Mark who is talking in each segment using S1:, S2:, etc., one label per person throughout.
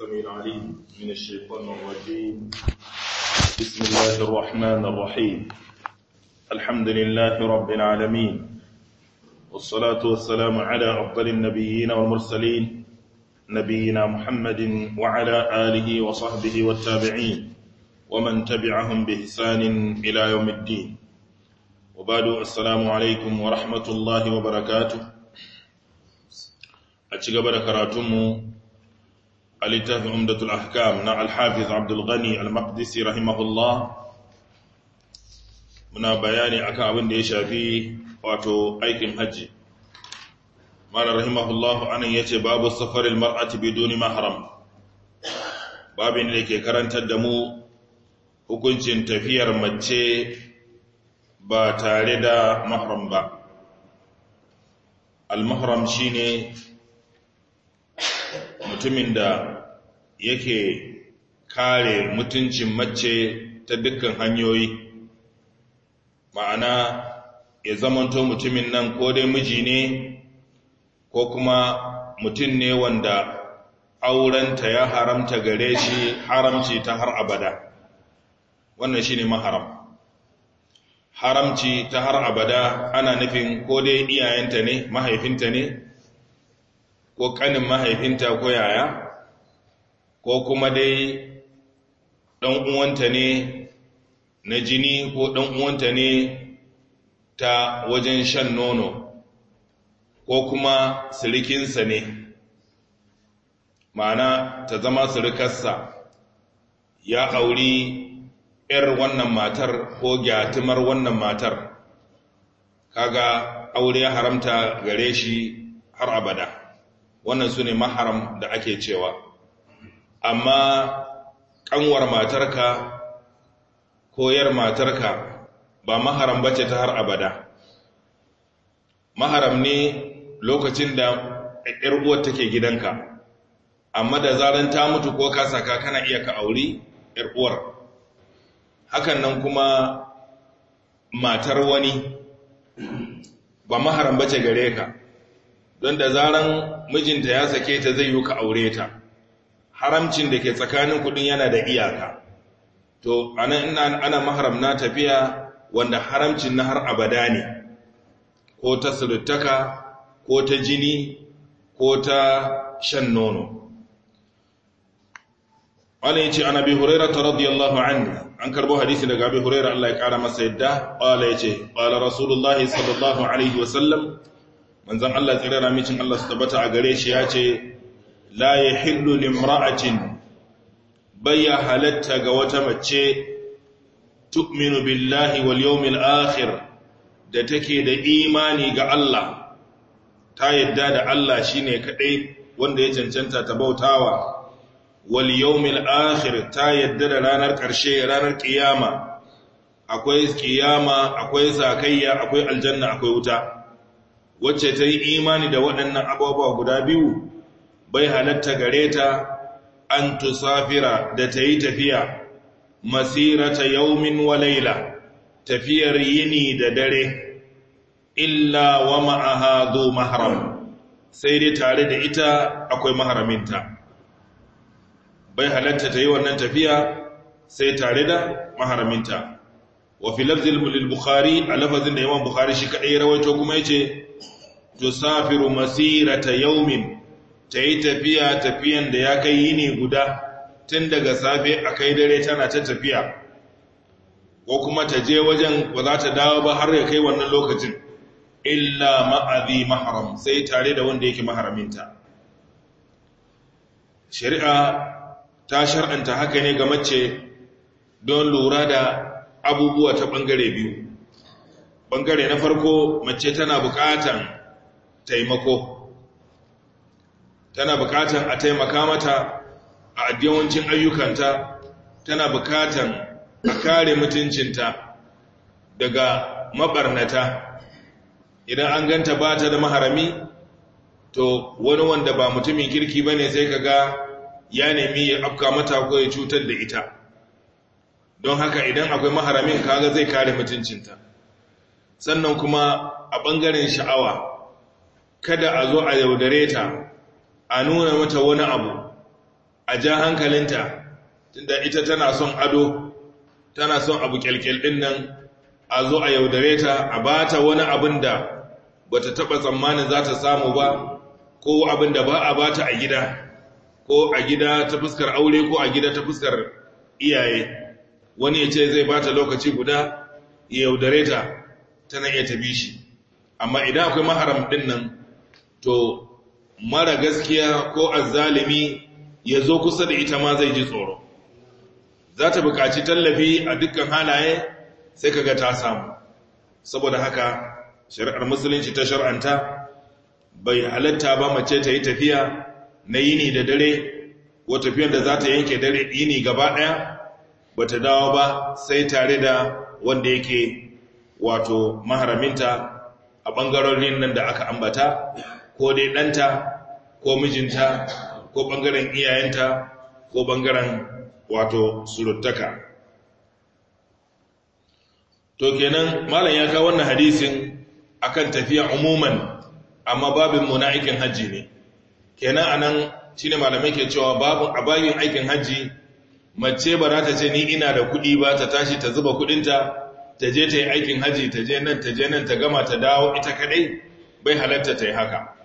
S1: السميع العليم من الشيطان الرجيم بسم الله الرحمن الرحيم الحمد لله رب العالمين والصلاة والسلام على أفضل النبيين والمرسلين نبينا محمد وعلى آله وصحبه والتابعين ومن تبعهم بإحسان إلى يوم الدين وبعد السلام عليكم ورحمة الله وبركاته a ci gaba da karatunmu a littafin umdatul ahkam na alhafiz abdulghani al-maqdisi rahimahullah muna bayani akan abin da ya shafi wato aikin hajji malar rahimahullahu anan yace babu safaril mar'ati biduni mahram babin da ke karantar da mu hukuncin tafiyar mace ba tare da mahram ba al-mahram shine mutumin da yake kare mutuncin mace ta dukkan hanyoyi ma'ana ya zamanto mutumin nan ko dai miji ne ko kuma mutum ne wanda aurenta ya haramta gare shi haramci ta har abada wannan shine maharam haramci ta har abada ana nufin ko dai iyayenta ne mahaifinta ne ko kanin mahaifinta ko yaya ko kuma dai ɗan uwanta ne na jini ko ɗan uwanta ne ta wajen shan nono ko kuma sirikinsa ne ma'ana ta zama sirikarsa ya auri 'yar wannan matar ko gyatumar wannan matar kaga aure haramta gare shi har abada wannan su ne maharam da ake cewa amma ƙanwar matarka koyar matarka ba maharam bace ta har abada maharam ne lokacin da ‘yar uwar take gidanka amma da zaran ta mutu ko ka saka kana iya ka auri ‘yar uwar hakan nan kuma matar wani ba maharam bace gare ka don da zaran mijinta ya sake ta zai yi ka aure ta haramcin da ke tsakanin kudin yana da iyaka to ana ana mahram na tafiya wanda haramcin na har abada ne ko ta suluttaka ko ta jini ko ta shan nono wani yace an abi ta radiyallahu anhu an karbo hadisi daga abi hurayra Allah ya kara masa yadda wala yace qala rasulullahi sallallahu alaihi wasallam manzon Allah tsira ramicin Allah su tabbata a gare shi yace la hillu limra'atin bayya halatta ga wata mace tu'minu billahi wal yawmil akhir da take da imani ga Allah ta yadda da Allah shine kadai wanda ya cancanta ta bautawa wal yawmil akhir ta yadda da ranar ƙarshe, ranar ƙiyama. akwai ƙiyama, akwai zakayya akwai aljanna akwai wuta wacce ta yi imani da waɗannan abubuwa guda biyu bai halatta gare ta an tusafira da ta yi tafiya masirata yaumin wa laila tafiyar yini da dare illa wa ma'aha zo sai dai tare da ita akwai maharaminta bai halatta ta yi wannan tafiya sai tare da maharaminta wa fi bukhari a lafazin da yawan bukhari shi kadai rawaito kuma yace tusafiru masirata yaumin ta yi tafiya tafiyan da ya kai yi yini guda tun daga safe a kai dare tana ta tafiya ko kuma ta je wajen ba za ta dawo ba har ya kai wannan lokacin illa ma'azi maharam sai tare da wanda yake maharaminta shari'a ta shar'anta haka ne ga mace don lura da abubuwa ta bangare biyu bangare na farko mace tana buƙatan taimako tana bukatan a taimaka mata a yawancin ayyukanta tana bukatan a kare mutuncinta daga mabarnata idan an ganta ba ta da maharami to wani wanda ba mutumin kirki ba ne sai ga ya nemi ya afka mata ko ya cutar da ita don haka idan akwai maharamin kaga zai kare mutuncinta sannan kuma a ɓangaren sha'awa kada a zo a yaudare ta a nuna mata wani abu a ja hankalinta tunda ita tana son ado tana son abu kyalkyal din nan a zo a yaudare ta a bata wani abin da bata taba tsammanin za ta samu ba ko abin da ba a bata a gida ko a gida ta fuskar aure ko a gida ta fuskar iyaye wani ya ce zai bata lokaci guda ya yaudare ta tana iya tabi shi amma idan akwai maharam din nan to mara gaskiya ko azzalimi ya zo kusa da ita ma zai ji tsoro za ta buƙaci tallafi a dukkan halaye sai kaga ta samu saboda haka shari'ar musulunci ta shar'anta bai halatta ba mace ta yi tafiya na yini da dare ko tafiyar da za ta yanke dare yini gaba ɗaya ba ta dawo ba sai tare da wanda yake wato maharaminta a ɓangarorin nan da aka ambata ko dai ɗanta ko mijinta ko ɓangaren iyayenta ko ɓangaren wato suruttaka to kenan malam ya kawo wannan hadisin akan tafiya umuman amma babin na aikin hajji ne kenan anan shine malamai ke cewa babin a bayan aikin hajji mace ba za ta ce ni ina da kuɗi ba ta tashi ta zuba kuɗinta ta je ta yi aikin hajji ta je nan ta je nan ta gama ta dawo ita kaɗai bai halatta ta yi haka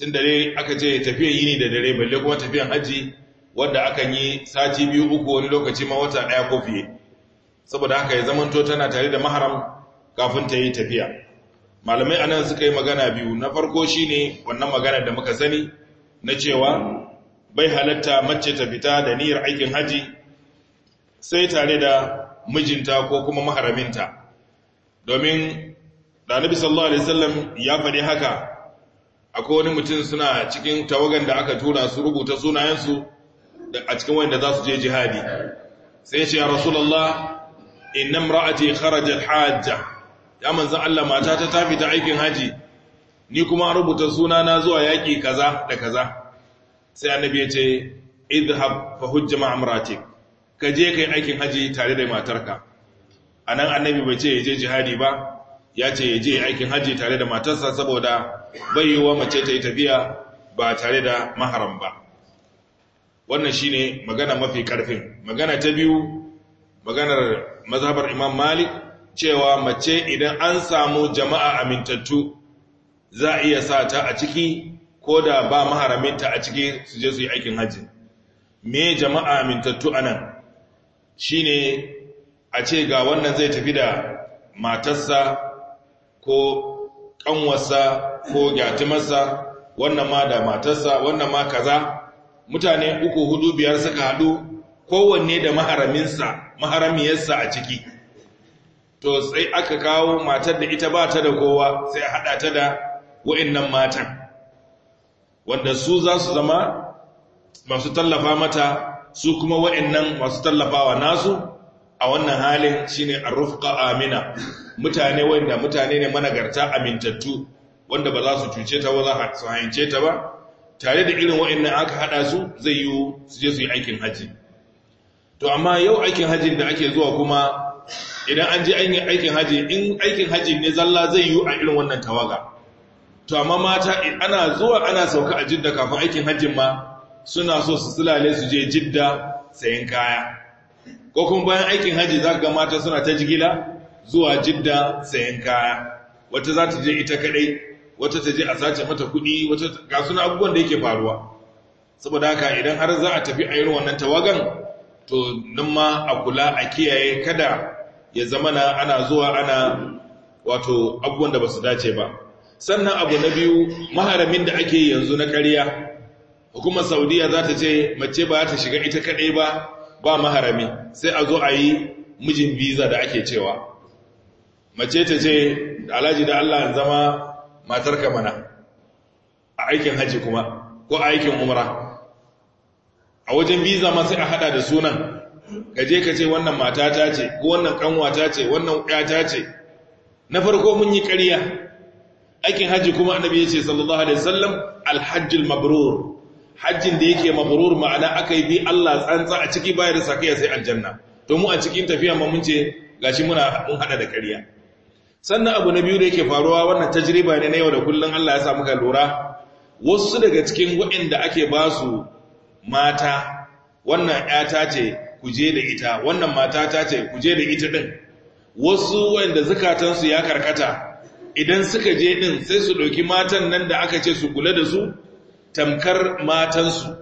S1: tun dare aka ce tafiyan yini da dare balle kuma tafiyan hajji wanda akan yi sati biyu uku wani lokaci ma wata daya ko fiye saboda haka ya zamanto tana tare da maharam kafin ta yi tafiya malamai anan suka yi magana biyu na farko shine wannan magana da muka sani na cewa bai halatta mace ta fita da niyyar aikin haji sai tare da mijinta ko kuma maharaminta domin da nabi sallallahu alaihi wasallam ya faɗi haka akwai wani mutum suna cikin tawagan da aka tura su rubuta sunayensu a cikin wanda za su je jihadi sai ce ya rasulallah inna ra'aji kharajat hajja ya manzan Allah mata ta tafi ta aikin haji ni kuma rubuta suna na zuwa yaƙi kaza da kaza sai annabi ya ce idhab fa hujja ma amrati ka je kai aikin haji tare da matarka anan annabi bai ce ya je jihadi ba ya ce ya je aikin hajji tare da matarsa saboda bai wa mace ta yi tafiya ba tare da maharam ba wannan shi ne magana mafi karfin magana ta biyu maganar mazhabar imam malik cewa mace idan an samu jama'a amintattu za a iya sa ta a ciki ko da ba maharaminta a ciki su je su yi aikin hajji me jama'a amintattu anan ne a ce ga wannan zai tafi da matarsa ko ƙanwarsa ko gyatimarsa wannan ma da matarsa wannan ma kaza mutane uku hudu biyar suka haɗu kowanne da maharaminsa maharamiyarsa a ciki to sai aka kawo matar da ita ba ta da kowa sai haɗa ta da wa'innan matan wanda su za su zama masu tallafa mata su kuma wa'innan masu tallafawa nasu a wannan halin shine arrufqa amina mutane wanda mutane ne managarta amintattu wanda ba za su cuce ta ba za su hayince ta ba tare da irin wa'annan aka hada su zai yi su je su yi aikin haji to amma yau aikin hajin da ake zuwa kuma idan an je anyi aikin haji in aikin haji ne zalla zai yi a irin wannan tawaga to amma mata ana zuwa ana sauka a jidda kafin aikin hajjin ma suna so su sulale su je jidda sayin kaya ko kuma bayan aikin haji za ga mata suna ta jigila zuwa jidda sayan kaya wata za ta je ita kadai wata ta je a sace mata kuɗi wata ga suna abubuwan da yake faruwa saboda haka idan har za a tafi a wannan tawagan to nan ma a kula a kiyaye kada ya zama ana zuwa ana wato abubuwan da ba su dace ba sannan abu na biyu maharamin da ake yanzu na ƙarya hukumar saudiya za ta ce mace ba ta shiga ita kaɗai ba ba maharami sai a zo a yi mijin biza da ake cewa mace ta ce alhaji da Allah zama matar ka mana a aikin haji kuma ko a aikin umra a wajen biza ma sai a hada da sunan gaje ka ce wannan matata ce ko wannan ta ce wannan ta ce na farko mun yi ƙarya aikin haji kuma annabi ya ce sallallahu alaihi wasallam alhajjul mabrur hajjin da yake mabrur ma'ana aka yi bi Allah tsantsa a ciki bayar da sakaya sai aljanna to mu a cikin tafiya ma mun ce gashi muna mun hada da ƙarya sannan abu na biyu da yake faruwa wannan tajriba ne na yau da kullun Allah ya sa muka lura wasu daga cikin waɗanda ake ba su mata wannan ƴata ce ku je da ita wannan mata ta ce ku je da ita din wasu waɗanda zakatansu ya karkata idan suka je din sai su ɗauki matan nan da aka ce su kula da su tamkar matansu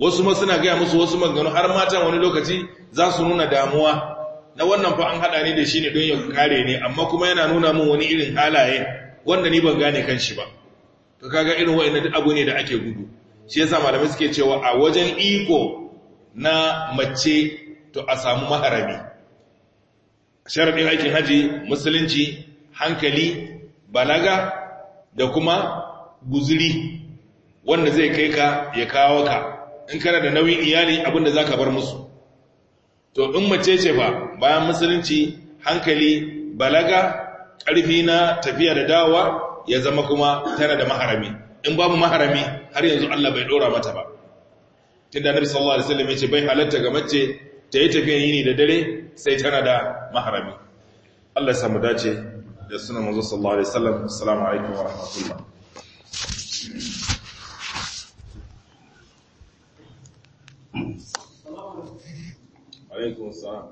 S1: wasu ma suna gaya musu wasu maganganu har matan wani lokaci za su nuna damuwa na wannan fa an haɗa ne da shi ne don ya kare ni amma kuma yana nuna min wani irin halaye wanda ni ban gane kan shi ba to kaga irin da abu ne da ake gudu shi yasa malamai suke cewa a wajen iko na mace to a samu maharami sharadin aikin haji musulunci hankali balaga da kuma guzuri wanda zai kai ka ya kawo ka in kana da nauyin iyali abinda za ka bar musu to in mace ce fa bayan musulunci hankali balaga ƙarfi na tafiya da dawa ya zama kuma tana da maharami in babu maharami har yanzu Allah bai dora mata ba tunda annabi sallallahu alaihi wasallam yace bai halatta ga mace ta yi tafiya yini da dare sai tana da maharami Allah ya samu dace da sunan manzo sallallahu alaihi wasallam assalamu alaikum wa rahmatullah alaikun salam